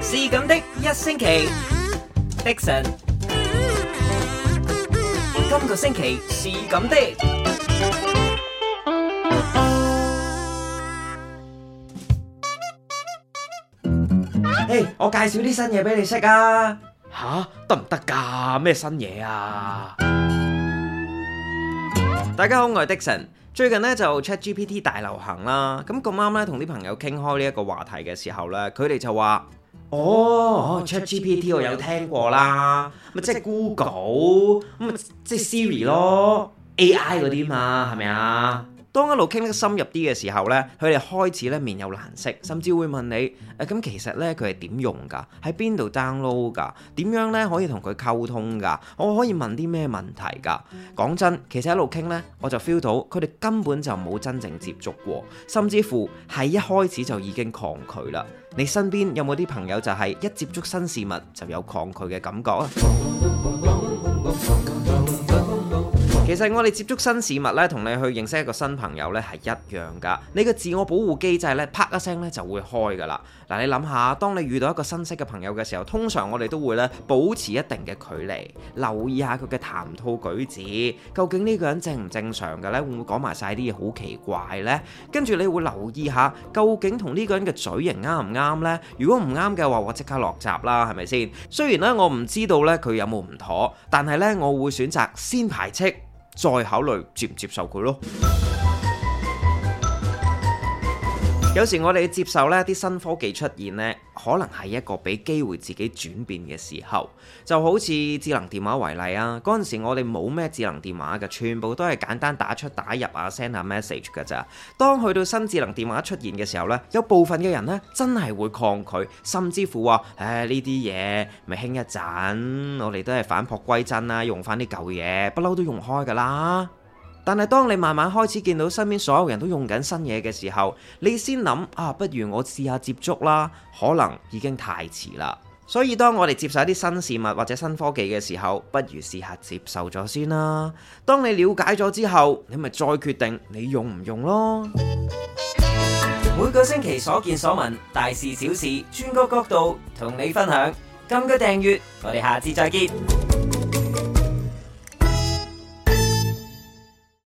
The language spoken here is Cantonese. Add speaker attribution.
Speaker 1: 是咁的，一星期，Dickson。今個星期是咁的。誒、我介紹啲新嘢俾你識啊。吓，得唔得㗎？咩新嘢啊？大家好，我係 Dickson。最近咧就 ChatGPT 大流行啦，咁咁啱咧同啲朋友傾開呢一個話題嘅時候咧，佢哋就話：哦，ChatGPT、哦、我有聽過啦，咪即係 Google，咁咪即係 Siri 咯、嗯，AI 嗰啲嘛，係咪啊？是當一路傾得深入啲嘅時候呢，佢哋開始咧面有難色，甚至會問你：咁，啊，其實呢，佢係點用㗎？喺邊度 download 㗎？點樣呢？可以同佢溝通㗎？我可以問啲咩問題㗎？講真，其實一路傾呢，我就 feel 到佢哋根本就冇真正接觸過，甚至乎係一開始就已經抗拒啦。你身邊有冇啲朋友就係一接觸新事物就有抗拒嘅感覺啊？ 其實我哋接觸新事物咧，同你去認識一個新朋友咧係一樣噶。你個自我保護機制咧，啪一聲咧就會開噶啦。嗱、呃，你諗下，當你遇到一個新識嘅朋友嘅時候，通常我哋都會咧保持一定嘅距離，留意下佢嘅談吐舉止，究竟呢個人正唔正常嘅咧？會唔會講埋晒啲嘢好奇怪呢？跟住你會留意下，究竟同呢個人嘅嘴型啱唔啱呢？如果唔啱嘅話，我即刻落閘啦，係咪先？雖然咧我唔知道咧佢有冇唔妥，但係咧我會選擇先排斥。再考慮接唔接受佢咯。有時我哋接受呢啲新科技出現呢，可能係一個俾機會自己轉變嘅時候，就好似智能電話為例啊。嗰陣時我哋冇咩智能電話嘅，全部都係簡單打出打入啊 send 啊 message 噶咋。當去到新智能電話出現嘅時候呢，有部分嘅人呢真係會抗拒，甚至乎話：唉，呢啲嘢咪興一陣，我哋都係反璞歸真啊，用翻啲舊嘢，不嬲都用開噶啦。但係當你慢慢開始見到身邊所有人都用緊新嘢嘅時候，你先諗啊，不如我試下接觸啦，可能已經太遲啦。所以當我哋接受一啲新事物或者新科技嘅時候，不如試下接受咗先啦。當你了解咗之後，你咪再決定你用唔用咯。每個星期所見所聞，大事小事，專個角度同你分享。撳個訂閱，我哋下次再見。